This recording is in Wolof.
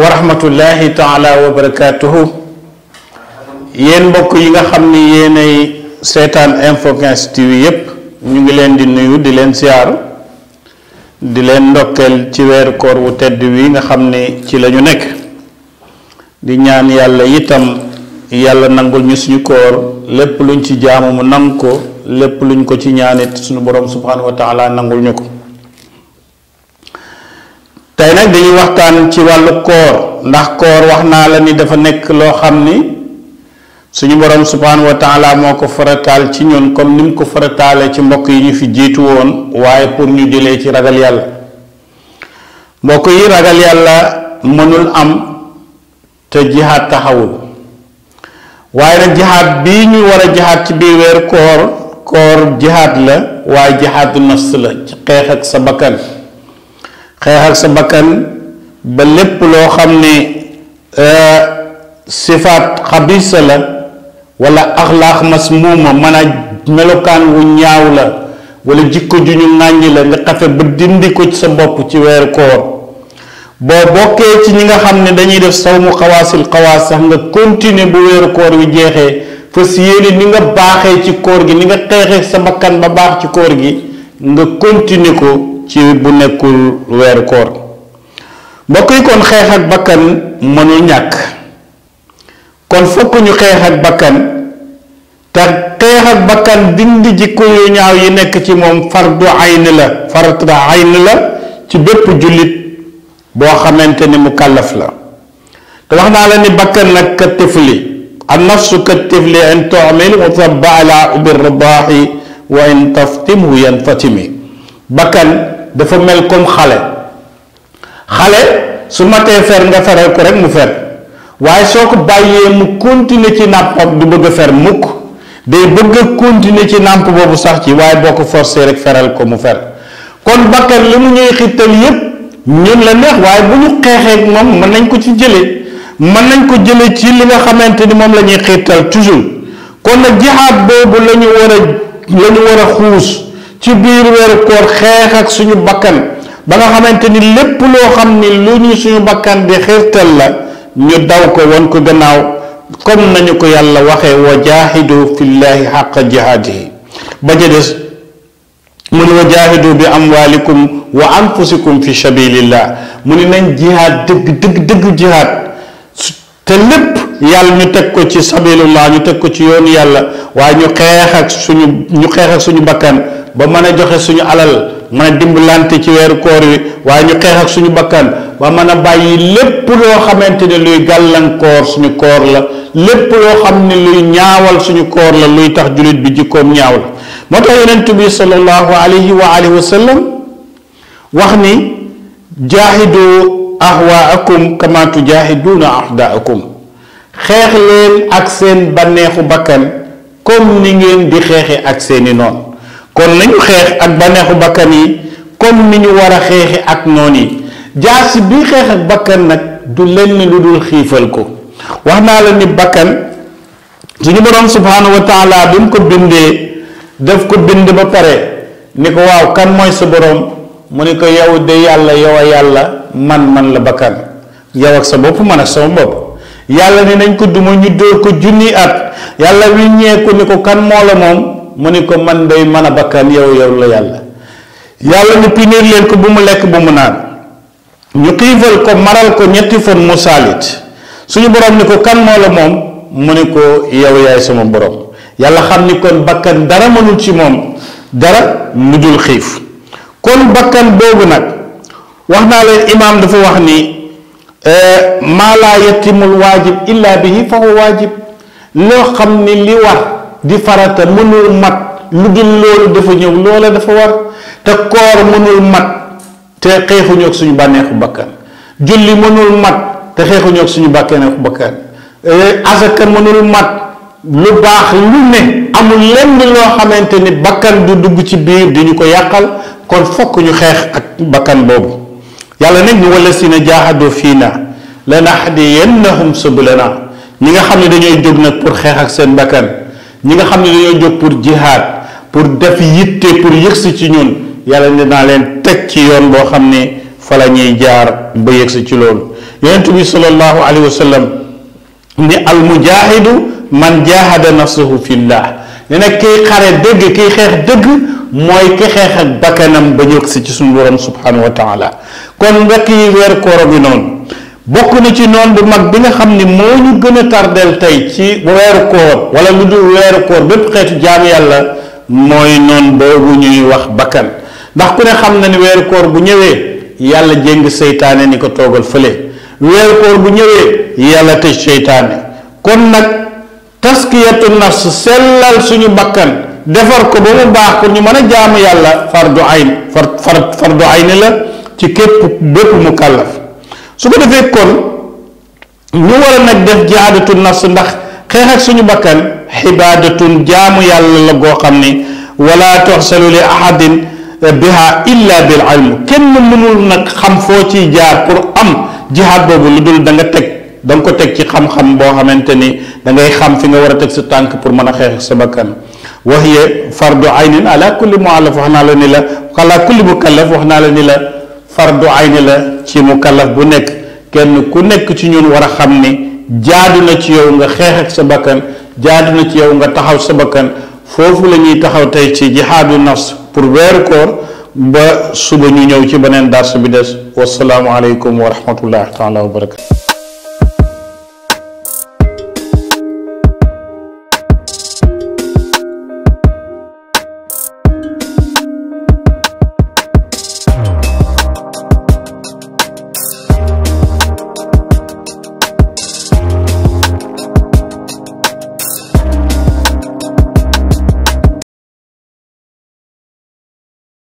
wa rahmatullahi taala wa barakatuhu yéen mbokk yi nga xam ni yéenay seetaan Infos 15 TV yépp ñu ngi leen di nuyu di leen siyaaru di leen ndokkeel ci weeru koor wu tedd wi nga xam ni ci lañu nekk di ñaan yàlla itam yàlla nangul ñu suñu koor lépp luñ ci jaamu mu nangu ko lépp luñ ko ci ñaanit suñu borom subhanahu wa nangul ñu ko tey nag dañuy waxtaan ci wàllu koor ndax koor wax naa la ni dafa nekk loo xam ni suñu borom subhanahu wa moo ko farataal ci ñun comme ni mu ko farataale ci mbokk yi ñu fi jiitu woon waaye pour ñu jëlee ci ragal yàlla mbokk yi ragal yàlla mënul am te jihaad taxawul waaye nag jihaad bii ñuy war a jihaad ci biir weer koor koor jihaad la waaye jihaadu nafs la ci xeex ak sa bakkan xeex ak sa bakkan ba lépp loo xam ne euh, sifaat xabisa la wala axlaax masmuuma mën a melokaan wu ñaaw la wala jikko ju ñu ŋàññi la nga xafe ba dindi ko ci sa bopp ci weeru koor boo bokkee ci ñi nga xam ne dañuy def sawmu xawaasil xawaas sax nga continuer bu weeru koor wi jeexee fas yéene ni nga baaxee ci koor gi ni nga xeexee sa bakkan ba baax ci koor gi nga continuer ko ci bu nekkul weeru koor mbokk yi kon xeex ak bakkan mënul ñàkk kon fokk ñu xeex ak bakkan te xeex ak bakkan dindi jikko yu ñaaw yi nekk ci moom fardu ayn la fardu ayn la ci bépp jullit boo xamante ni mu kàllaf la te wax naa la ni bakkan nag ka tifli an nafsu ka tifli in tu'mil wa tabba ala bir ridahi wa in taftimu yanfatimi bakkan dafa mel comme xale xale su matee fer nga feral ko rek mu fer waaye soo ko bàyyee mu continuer ci nàppam du bëgg a fer mukk day bëgg a continuer ci nàmp boobu sax ci waaye boo ko forcé rek feral ko mu fer kon bakkan li mu ñuy xittal yépp ñun la neex waaye bu ñu xeexee moom mën nañ ko ci jëlee mën nañ ko jëlee ci li nga xamante ni moom la ñuy xittal toujours kon nag jihaad boobu la ñu war a xuus ci biir weeru koor xeex ak suñu bakkan ba nga xamante ni lépp loo xam ni lu ñu suñu bakkan di xirtal la ñu daw ko won ko gannaaw comme nañu ko yàlla waxe wa jaahidu fillahi xaqa jihaadihi ba ja des mu ni wa bi amwaalikum wa anfusikum fi sabilillah mu ni nañ jihaad dëgg dëgg dëgg jihaad te lépp Yal ñu tek ko ci sabilullah ñu tek ko ci yoon yalla waaye ñu xex ak suñu ñu xex ak suñu bakkan ba mëna joxe suñu alal mëna dimbulante dimbalante ci wër koor wi waaye ñu xex ak suñu bakkan ba mëna bayyi lepp lo loo luy galan luy suñu koor la lepp lo xam luy ñaawal suñu koor la luy tax julit bi jikkoom ñaaw la moo tax yonent bi sallallahu alayhi wa alihi wa sallam wax ni jahidu ahwaakum kama tujahiduna ahdaakum xeex leen ak seen bànneexu bakkan comme ni ngeen di xeexe ak seeni noon kon nañu xeex ak bànneexu bakkan yi comme ni ñu war a xeexe ak noon yi jaasi bi xeex ak bakkan nag du lenn lu dul xiifal ko wax naa la ni bakkan suñu boroom subhaanahu wa taala bi mu ko bindee daf ko bind ba pare ni ko waaw kan mooy sa boroom mu ne ko yow de yàlla yow a yàlla man man la bakkan yow ak sa bopp man ak sama bopp yàlla ne nañ ko duma ñu dóor ko junni at yàlla wi ñeeku ne ko kan moo la moom mu ne ko man day mën a bakkan yow yow la yàlla yàlla ne punir leen ko bu mu lekk bu mu naan ñu xiifal ko maral ko ñetti fan mu saalit suñu borom ne ko kan moo la moom mu ne ko yow yaay sama borom yàlla xam ni kon bakkan dara mënul ci moom dara lu dul xiif kon bakkan boobu nag wax naa leen imaam dafa wax ni Eh, maa laa yatimul waajib illa bihi fa huwa waajib loo xam ni li war di farata mënul mat lu dul loolu dafa ñëw loola dafa war te koor mënul mat te xeexuñu ak suñu bànneexu bakkan julli mënul mat te xeexuñu ak suñu bànneexu bakkan eh, asaka mënul mat lu baax lu ne amul lenn loo xamante ni bàkkan du dugg ci biir di ñu ko yàqal kon fokk ñu xeex ak bakkan boobu yàlla nag ni wala si na jaahadu fii na lanahdiyannahum subulana ñi nga xam ne dañooy jóg nag pour xeex ak seen bakkan ñi nga xam ne dañoo jóg pour jihaad pour def yitte pour yëgsi ci ñun yàlla ne naa leen teg ci yoon boo xam ne fa la ñuy jaar ba yëgsi ci loolu yonent bi sallallahu alayhi wa sallam ni al man jahada nafsahu fillah ne nag kiy xare dëgg kiy xeex dëgg mooy ki ak bakkanam ba ñëw si ci suñu borom subhanahu wa taala kon mbokk yi weer koor bi noonu bokk na ci noon bu mag bi nga xam ni moo ñu gën a tardeel tey ci weeru koor wala lu dul weeru koor bépp xeetu jaam yàlla mooy noon boobu ñuy wax bakkan ndax ku ne xam na ni weeru koor bu ñëwee yàlla jéng seytaane ni ko toogal fële weeru koor bu ñëwee yàlla tëj seytaane kon nag taskiyatu nafs sellal suñu bakkan defar ko ba mu baax pour ñu mën a jaamu yàlla fardu ayn far far fardu ayn la ci képp bépp mu kàllaf su ko defee kon ñu war a nag def jihaadatu nafs ndax xeex suñu bakkan xibaadatun jaamu yàlla la goo xam ne wala tuxsalu li ahadin biha illa bil ilm kenn mënul nag xam foo ciy jaar pour am jihaad boobu lu dul da nga teg da nga ko teg ci xam-xam boo xamante ni da ngay xam fi nga war a teg sa tànk pour mën a xeex sa bakkan وهي فرض عين على كل معلف وحنا لنا لا على كل مكلف وحنا لنا لا فرض عين لا شيء مكلف بنك كن كنك تشينون ورا خمني جادنا شيء وعند خيرك سبكان جادنا شيء وعند تحاو سبكان فوفو لني تحاو تيجي جهاد الناس بربير كور بسبني نيوتي بنن درس بيدس والسلام عليكم ورحمة الله تعالى وبركاته